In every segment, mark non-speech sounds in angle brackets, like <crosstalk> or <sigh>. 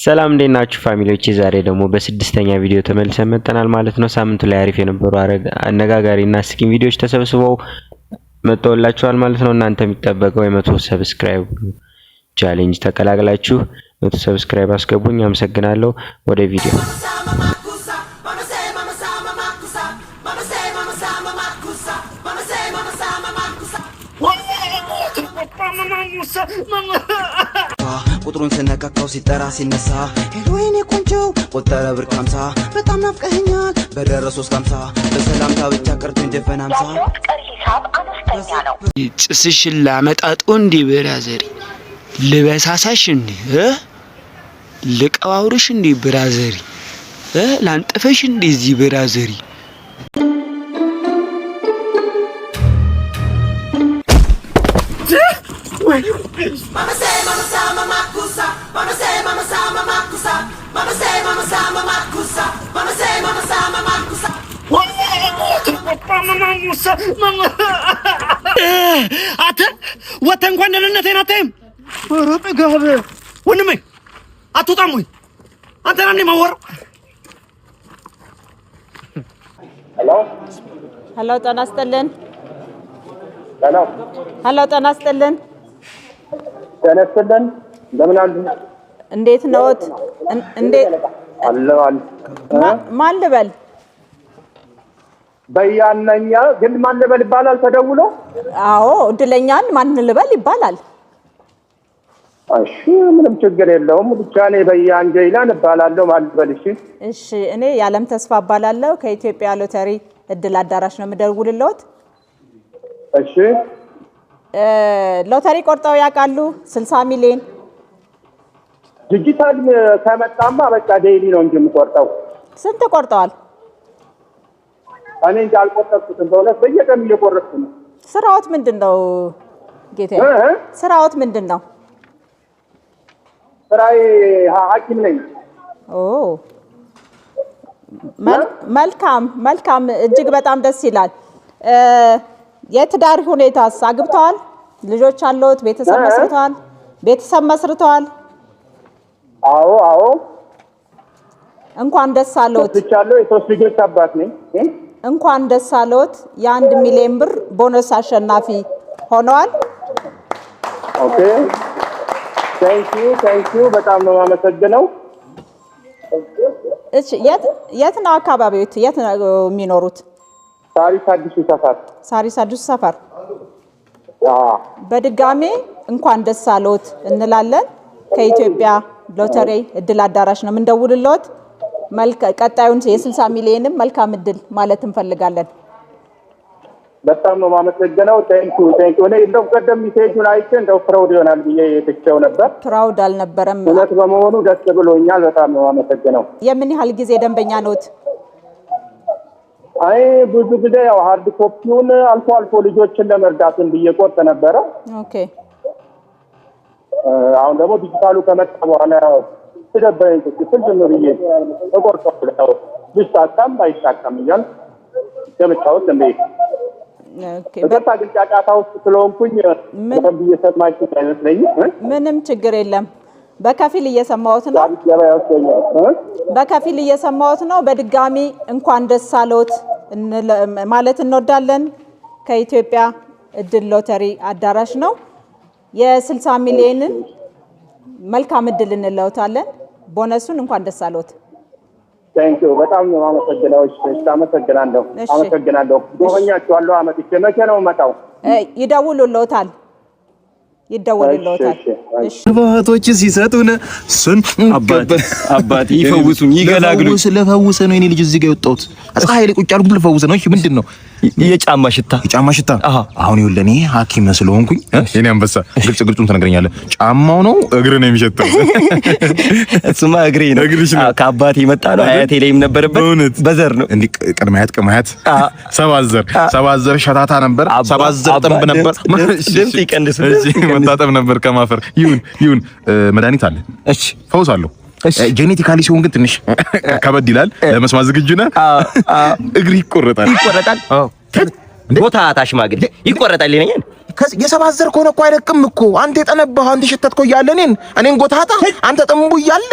ሰላም እንዴት ናችሁ ፋሚሊዎች? ዛሬ ደግሞ በስድስተኛ ቪዲዮ ተመልሰን መጥተናል ማለት ነው። ሳምንቱ ላይ አሪፍ የነበሩ እና አስቂኝ ቪዲዮዎች ተሰብስበው መጥተውላችኋል ማለት ነው። እናንተ የሚጠበቀው የመቶ ሰብስክራይብ ቻሌንጅ ተቀላቅላችሁ መቶ ሰብስክራይብ አስገቡኝ። አመሰግናለሁ። ወደ ቪዲዮ ቁጥሩን ስነካካው ሲጠራ ሲነሳ ሄሎ ቆንጆ ቆጠረ ብር ካምሳ በጣም ናፍቀህኛል በደረ ሶስት አምሳ በሰላምታ ብቻ ቀርቶ እንጀፈን አምሳ ጭስሽን ላመጣጡ እንዲ ብራዘሪ ልበሳሳሽ እንዲ ልቀባውርሽ እንዲ ብራዘሪ ላንጥፈሽ እንዲ እዚህ ብራዘሪ Mama Mama አንተ ወተህ እንኳን ደህንነቴን አታይም። ኧረ ጥጋብ ወንድሜ አትወጣም ወይ? አንተ ናም ማወራው ሄሎ፣ ጤና ይስጥልን። ሄሎ፣ ጤና እንደምን አሉ? እንዴት ነዎት? እንዴት ማን ልበል? በያነኛ ግን ማን ልበል ይባላል ተደውሎ? አዎ እድለኛን ማን ልበል ይባላል። እሺ ምንም ችግር የለውም። ብቻ እኔ በያን ጀይላን እባላለሁ። ማን ልበል? እሺ እሺ። እኔ የዓለም ተስፋ እባላለሁ። ከኢትዮጵያ ሎተሪ እድል አዳራሽ ነው የምደውልልዎት። እሺ ሎተሪ ቆርጠው ያውቃሉ? ስልሳ ሚሊዮን ዲጂታል ከመጣማ በቃ ዴይሊ ነው እንጂ የምቆርጠው። ስንት ቆርጠዋል? እኔ እንጂ አልቆጠርኩትም፣ በእውነት በየቀኑ እየቆረጥኩ ነው። ስራዎት ምንድን ነው ጌታ? ስራዎት ምንድን ነው? ስራዬ ሐኪም ነኝ። መልካም መልካም፣ እጅግ በጣም ደስ ይላል። የትዳር ሁኔታስ? አግብተዋል? ልጆች አለዎት? ቤተሰብ መስርተዋል? ቤተሰብ መስርተዋል? አዎ አዎ፣ እንኳን ደስ አለዎት። ብቻለሁ የሶስት ልጆች አባት ነኝ። እንኳን ደስ አለዎት። የአንድ ሚሊዮን ብር ቦነስ አሸናፊ ሆነዋል። ኦኬ ዩ ታንኪዩ ዩ። በጣም ነው የማመሰግነው። እሺ፣ የት የት ነው አካባቢዎት? የት ነው የሚኖሩት? ሳሪስ አዲሱ ሰፈር። ሳሪስ አዲሱ ሰፈር። በድጋሜ እንኳን ደስ አለዎት እንላለን ከኢትዮጵያ ሎተሪ እድል አዳራሽ ነው የምንደውልለት። ቀጣዩን የ60 ሚሊዮንም መልካም እድል ማለት እንፈልጋለን። በጣም ነው የማመሰግነው። ቴንኩ ቴንኩ። እኔ እንደው ቀደም ሴጁን አይቼ እንደው ፍራውድ ይሆናል ብዬ ትቼው ነበር። ፍራውድ አልነበረም። እውነት በመሆኑ ደስ ብሎኛል። በጣም ነው የማመሰግነው። የምን ያህል ጊዜ ደንበኛ ነዎት? አይ ብዙ ጊዜ ያው ሀርድ ኮፒውን አልፎ አልፎ ልጆችን ለመርዳትን ብዬ ቆጥ ነበረ። ኦኬ አሁን ደግሞ ዲጂታሉ ከመጣ በኋላ ሲደበረኝ ክፍል ዝም ብዬ እቆርጠው ቢሳካም ባይሳካም እያል ደምቻውት እንደ በቀጥታ ግን ጫጫታ ውስጥ ስለሆንኩኝ በደንብ እየሰማችሁ አይመስለኝም። ምንም ችግር የለም። በከፊል እየሰማሁት ነው። በከፊል እየሰማሁት ነው። በድጋሚ እንኳን ደስ አለዎት ማለት እንወዳለን። ከኢትዮጵያ እድል ሎተሪ አዳራሽ ነው። የ60 ሚሊዮንን መልካም እድል እንለውታለን። ቦነሱን እንኳን ደስ አለዎት። ቴንኪዩ በጣም ነው አመሰግናለሁ። አመሰግናለሁ። አመሰግናለሁ። ጎበኛችኋለሁ። አመጥቼ መቼ ነው መጣው? ይደውሉልዎታል ይደወልልዎታል። እባቶች ሲሰጡን እሱን አባቴ ይፈውሱኝ፣ ይገላግሉ። ለፈውሰ ነው የኔ ልጅ እዚህ ጋር የወጣሁት ፀሐይ ላይ ቁጭ አልኩ። ልፈውሰ ነው ምንድን ነው የጫማ ሽታ የጫማ ሽታ። አሁን ይኸውልህ እኔ ሐኪም ስለሆንኩኝ እኔ አንበሳ ግልጽ ግልጹን ትነግረኛለህ። ጫማው ነው እግር ነው የሚሸጠው? <laughs> እሱማ እግሬ ነው። ከአባቴ የመጣ ነው። አያቴ ላይም ነበረበት። በዘር ነው እንዲህ ቅድመ አያት ቅድመ አያት ሰባት ዘር ሰባት ዘር ሸታታ ነበር። ሰባት ዘር ጥንብ ነበር። ድምፅ ይቀንስ መታጠብ ነበር ከማፈር ይሁን ይሁን። መድኃኒት አለ። እሺ ፈውስ አለው ጄኔቲካሊ ሲሆን ግን ትንሽ ከበድ ይላል። ለመስማት ዝግጁ ነህ? እግር ይቆረጣል። ይቆረጣል። ቦታ ታሽማግል ይቆረጣል ይለኛል። የሰባዘር ከሆነ እኮ አይለቅም እኮ አንተ የጠነባህ አንተ ሸተትኮ እያለ እኔን እኔን ጎታታ አንተ ጥንቡ እያለ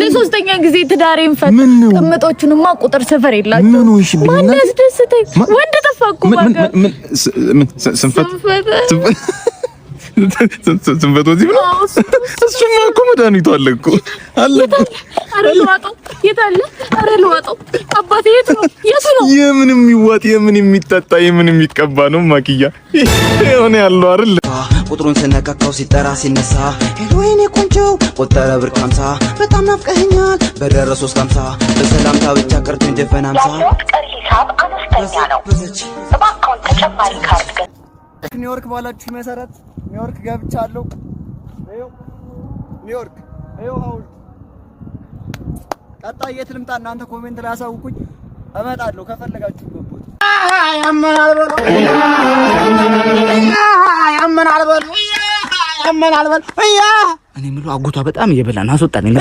ለሶስተኛ ጊዜ ትዳሬን ፈት ቅምጦቹንማ ቁጥር ስፍር የላቸው። ማን ያስደስተኝ ወንድ ጠፋ እኮ ስንፈት ወዚህ እሱማ እኮ መድኃኒቱ አለ እኮ አለ። ኧረ ልዋጠው፣ የት አለ? ልዋጠው፣ አባቴ የት ነው? የቱ ነው? የምን የሚዋጥ የምን የሚጠጣ የምን የሚቀባ ነው? ማኪያ የሆነ ያለው አይደል? ቁጥሩን ስነካካው ሲጠራ ሲነሳ ሄሎ የኔ ቆንጆ ቆጠረ ብር ካምሳ በጣም ናፍቀኸኛል በደረ ሶስት ካምሳ በሰላምታ ብቻ ቀርቶ እንደፈናምሳ ቀሪ ሂሳብ አነስተኛ ነው። እባክዎን ተጨማሪ ካርድ ኒውዮርክ ባላችሁ መሰረት ኒውዮርክ ገብቻለሁ። ኒውዮርክ ሀውልት ቀጣይ የት ልምጣ? እናንተ ኮሜንት ላይ አሳውቁኝ፣ እመጣለሁ ከፈለጋችሁ እኔ የምለው አጎቷ በጣም እየበላን አስወጣልኝ።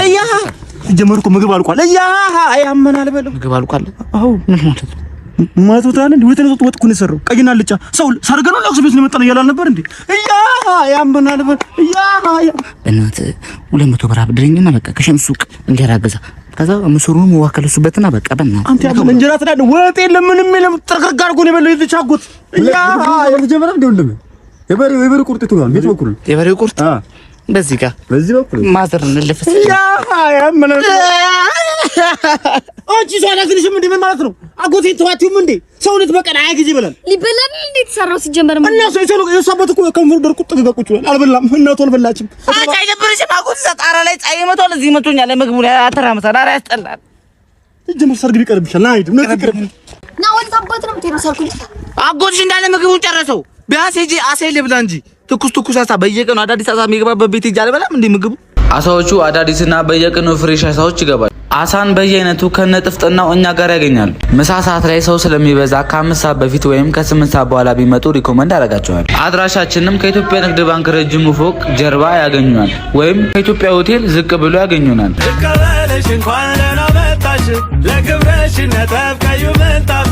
ጀመርኩ ምግብ አልቋል። ያመናል በለው ምግብ አልቋል። አዎ ምን ማለት ነው? ማቶታል እንዴ? ወተን ወጥ ወጥኩን የሰራው ቀይና ልጫ ሰው ሰርገ ነው ለቅሶ ቤት ለመጣ ነው ያላል ነበር እንዴ? እያ ያምና ነበር እያ እናት ሁለት መቶ ብር አብድረኝና በቃ ከሸም ሱቅ እንጀራ ገዛ። ከዛ ምስሩን ወካከለሱበትና በቃ በእና አንተ ያ እንጀራ ተዳደ ወጥ ለምን ምንም የለም። ጥርቅርቅ አድርጎ ነው የበለው የተቻጉት። እያ የጀመረ እንዴ ወንድም የበሬ የበሬ ቁርጥ ይተዋል ቤት በኩል የበሬ ቁርጥ በዚህ ጋር በዚህ በኩል ማዘር እያ ያ ያምናል አንቺ ሰው አላዝንሽም እንዴ? ምን ማለት ነው? አጎቴ ተዋቲውም እንዴ? ሰውነት በቀን ሀያ ጊዜ ይበላል። ሊበላል እንዴ? ተሰራው ሲጀመር እና ሰው ሰው የሰበት እኮ ከንፈር ደርቁጥ ይበቁጭ ይላል። አልበላም፣ እናቱ አልበላችም። አንቺ አይደብርሽም? አጎቴ ጣራ ላይ ፀሐይ መቷል። እዚህ መቶኛል። ለምግቡ ላይ አተራምሳል። ኧረ ያስጠላል። ጀምር ሰርግ ቢቀርብሻል። ና ሂድ ነው ትቀርብ ና ወንዝ አባት ነው የምትሄደው። ሰርጉ አጎትሽ እንዳለ ምግቡን ጨረሰው። ቢያንስ ሂጂ አሳ ልብላ እንጂ ትኩስ ትኩስ አሳ በየቀኑ አዳዲስ አሳ የሚገባበት ቤት ሂጂ። አልበላም እንዴ ምግቡ አሳዎቹ አዳዲስና በየቀኑ ፍሬሽ አሳዎች ይገባል። አሳን በየአይነቱ ከነጥፍጥናው እኛ ጋር ያገኛሉ። ምሳ ሰዓት ላይ ሰው ስለሚበዛ ከአምስት ሰዓት በፊት ወይም ከስምንት ሰዓት በኋላ ቢመጡ ሪኮመንድ አደርጋቸዋል። አድራሻችንም ከኢትዮጵያ ንግድ ባንክ ረጅሙ ፎቅ ጀርባ ያገኙናል፣ ወይም ከኢትዮጵያ ሆቴል ዝቅ ብሎ ያገኙናል። እንኳን ደህና መጣሽ ነጠብ ቀዩ ምንጣፍ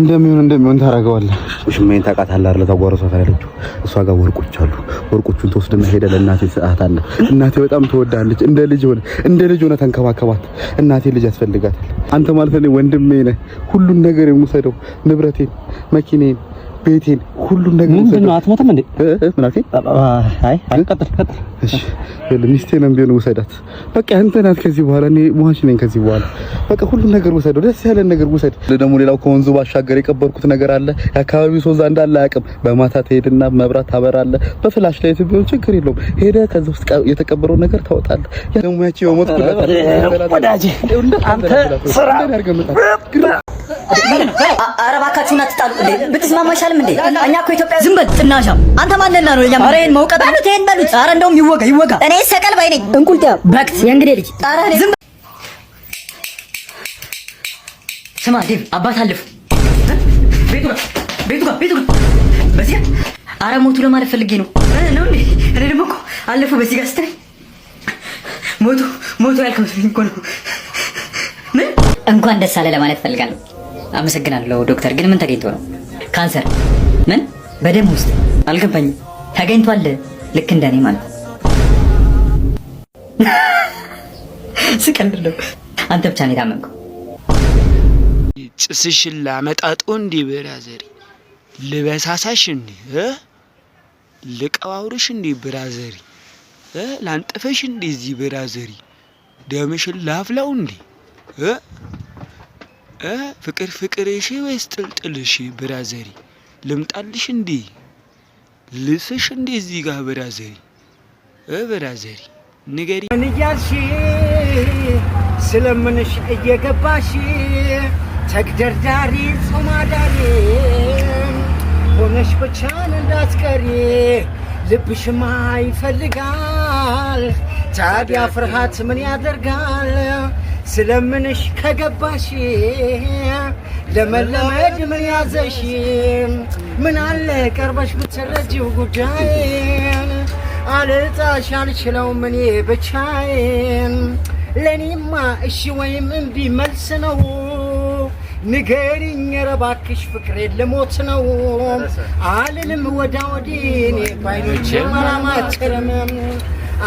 እንደሚሆን እንደሚሆን ታደርገዋለህ። ሽሜን ታውቃታለህ አይደል? ተጓርሷት አይደለችው? እሷ ጋር ወርቆች አሉ። ወርቆቹን ተወስድና ሄደ ለእናቴ ሰጣታለህ። እናቴ በጣም ትወዳለች። እንደ ልጅ ሆነ እንደ ልጅ ሆነ ተንከባከባት። እናቴ ልጅ ያስፈልጋታል። አንተ ማለት ነው ወንድሜ ነህ። ሁሉን ነገር የምውሰደው ንብረቴን፣ መኪኔን ቤቴን ሁሉም ነገር ምንድን ነው? አትሞትም እንዴ? ምን አልከኝ? አይ ቀጥል ቀጥል። እሺ ሚስቴንም ቢሆን ውሰዳት። በቃ አንተ ናት ከዚህ በኋላ እኔ ሟች ነኝ። ከዚህ በኋላ በቃ ሁሉም ነገር ውሰደው፣ ደስ ያለን ነገር ውሰድ። ደግሞ ሌላው ከወንዙ ባሻገር የቀበርኩት ነገር አለ። የአካባቢው ሰው እዛ እንዳለ አያውቅም። በማታ ትሄድና መብራት ታበራለህ። በፍላሽ ላይ ቢሆን ችግር የለውም። ሄደህ ከዚህ ውስጥ የተቀበረው ነገር ታወጣለህ። ደግሞ ያቺ የሞት አንተ ስራ ኧረ እባካችሁን አትጣሉ። እንዴ ብትስማማ አይሻልም እንዴ? እኛ እኮ ኢትዮጵያ ዝም በል ጥናሻ። አንተ ማን ነና ነው? እኛም አረን መውቀጥ በሉት፣ ይሄን በሉት። አረ እንደውም ይወጋ ይወጋ። እኔ ሰቀል ባይ ነኝ። እንቁልጥያ በክት የእንግዲህ ልጅ አረ ዝም ስማ ዴቭ አባት አለፉ። ቤቱ ጋር ቤቱ ጋር ቤቱ ጋር በዚህ አረ ሞቱ ለማለት ፈልጌ ነው ነው እንዴ? እኔ ደግሞ እኮ አለፉ በዚህ ጋር ስትል ሞቱ ሞቱ ያልከው እኮ ነው። ምን እንኳን ደስ አለ ለማለት ፈልጋለሁ። አመሰግናለሁ ዶክተር። ግን ምን ተገኝቶ ነው? ካንሰር ምን በደም ውስጥ አልገባኝ ተገኝቷል። ልክ እንደኔ ማለት ስቀልድ ነው። አንተ ብቻ ነው የታመምከው። ጭስሽን ላመጣጦ እንዲ ብራዘሪ ልበሳሳሽ እንዲ ልቀባውርሽ እንዲ ብራዘሪ ላንጥፈሽ እንዲ እዚህ ብራዘሪ ደምሽን ላፍላው እንዲ ፍቅር ፍቅር እሺ ወይስ ጥልጥል እሺ? ብራዘሪ ልምጣልሽ እንዴ ልስሽ እንዴ እዚህ ጋር ብራዘሪ ብራዘሪ ንገሪ ምን እያልሽ ስለምንሽ እየገባሽ ተግደርዳሪ ጾማዳሪ ሆነሽ ብቻን እንዳትቀሪ ልብሽማ ይፈልጋል። ታዲያ ፍርሃት ምን ያደርጋል? ስለምንሽ ከገባሽ ለመለመድ ምን ያዘሽ ምን አለ ቀርበሽ ብትረጂው ጉዳይን አልጣሽ አልችለው ምን ብቻዬን ለእኔማ እሺ ወይም እምቢ መልስ ነው። ንገሪኝ ኧረ እባክሽ ፍቅሬ ልሞት ነው አልልም ወዳ ወዲህ እኔ ባይኖቼ ማላማትርም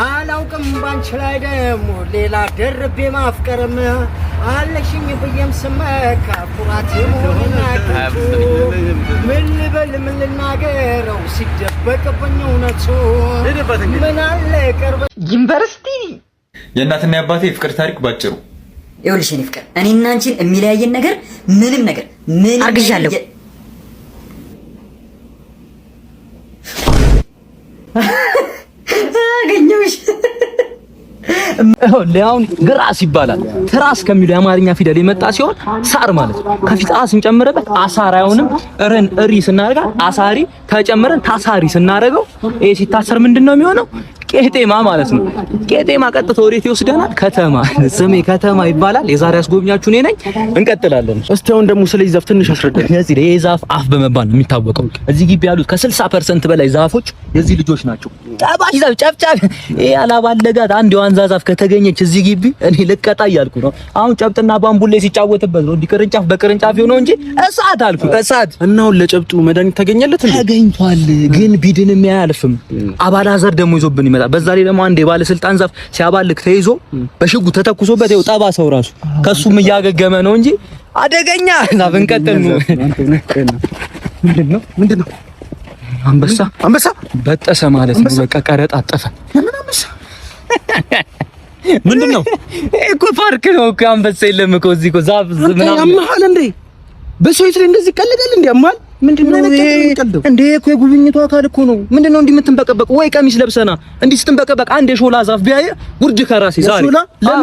አላውቅም ባንቺ ላይ ደግሞ ሌላ ደርቤ ማፍቀርም አለሽኝ ብዬም ስመካ ኩራት ምን ልበል ምን ልናገረው ሲደበቅብኝ እውነቱ ምን አለ ቅርበ ዩኒቨርሲቲ የእናትና የአባቴ የፍቅር ታሪክ ባጭሩ ይኸውልሽ፣ እኔ ፍቅር እኔና አንቺን የሚለያየን ነገር ምንም ነገር ምን አርግዣለሁ ሊያውን ግራስ ይባላል። ትራስ ከሚሉ የአማርኛ ፊደል የመጣ ሲሆን ሳር ማለት ነው። ከፊት አ ስንጨምርበት አሳር አይሆንም። ርን እሪ ስናደርጋ አሳሪ ተጨምረን ታሳሪ ስናደርገው ይሄ ሲታሰር ምንድን ነው የሚሆነው? ቄጤማ ማለት ነው። ቄጤማ ቀጥቶ ወዴት ይወስደናል? ከተማ። ስሜ ከተማ ይባላል። የዛሬ አስጎብኛችሁ እኔ ነኝ። እንቀጥላለን። እስቲ አሁን ደግሞ ስለዚህ ዛፍ ትንሽ አስረዳኝ። የዚህ ይሄ ዛፍ አፍ በመባል ነው የሚታወቀው። እዚህ ግቢ ያሉት ከ60% በላይ ዛፎች የዚህ ልጆች ናቸው። ጠባሽ ዛፍ ጨብጨብ። ይሄ አላባለጋት አንድ የዋንዛ ዛፍ ከተገኘች እዚህ ግቢ እኔ ልቀጣ እያልኩ ነው። አሁን ጨብጥና ባምቡሌ ሲጫወትበት ነው እንዲህ ቅርንጫፍ በቅርንጫፍ የሆነው እንጂ እሳት አልኩ እሳት። እና አሁን ለጨብጡ መድኃኒት ታገኘለት ተገኝቷል፣ ግን ቢድንም አያልፍም። አባላዘር ደግሞ ይዞብን ይመጣል። በዛ ላይ ደግሞ አንድ የባለስልጣን ዛፍ ሲያባልክ ተይዞ በሽጉ ተተኩሶበት ይኸው ጠባ ሰው ራሱ ከሱም እያገገመ ነው እንጂ አደገኛ ዛፍ። እንቀጥል ነው። ምንድን ነው አንበሳ አንበሳ በጠሰ ማለት ነው። በቃ ቀረጥ አጠፈ። <laughs> ምንድን ነው እኮ ፓርክ ነው እኮ አንበሳ የለም እኮ እዚህ እኮ ዛፍ ምናምን ያምሃል እንዴ? በሰው ላይ እንደዚህ ቀልደል እንዴ? ያምሃል ምንድነው እንዴ? እኮ የጉብኝቱ አካል እኮ ነው። ምንድነው እንዲህ የምትንበቀበቅ? ወይ ቀሚስ ለብሰና እንዲህ ስትንበቀበቅ አንድ የሾላ ዛፍ ቢያየ ጉርጅ ከራሴ ዛሬ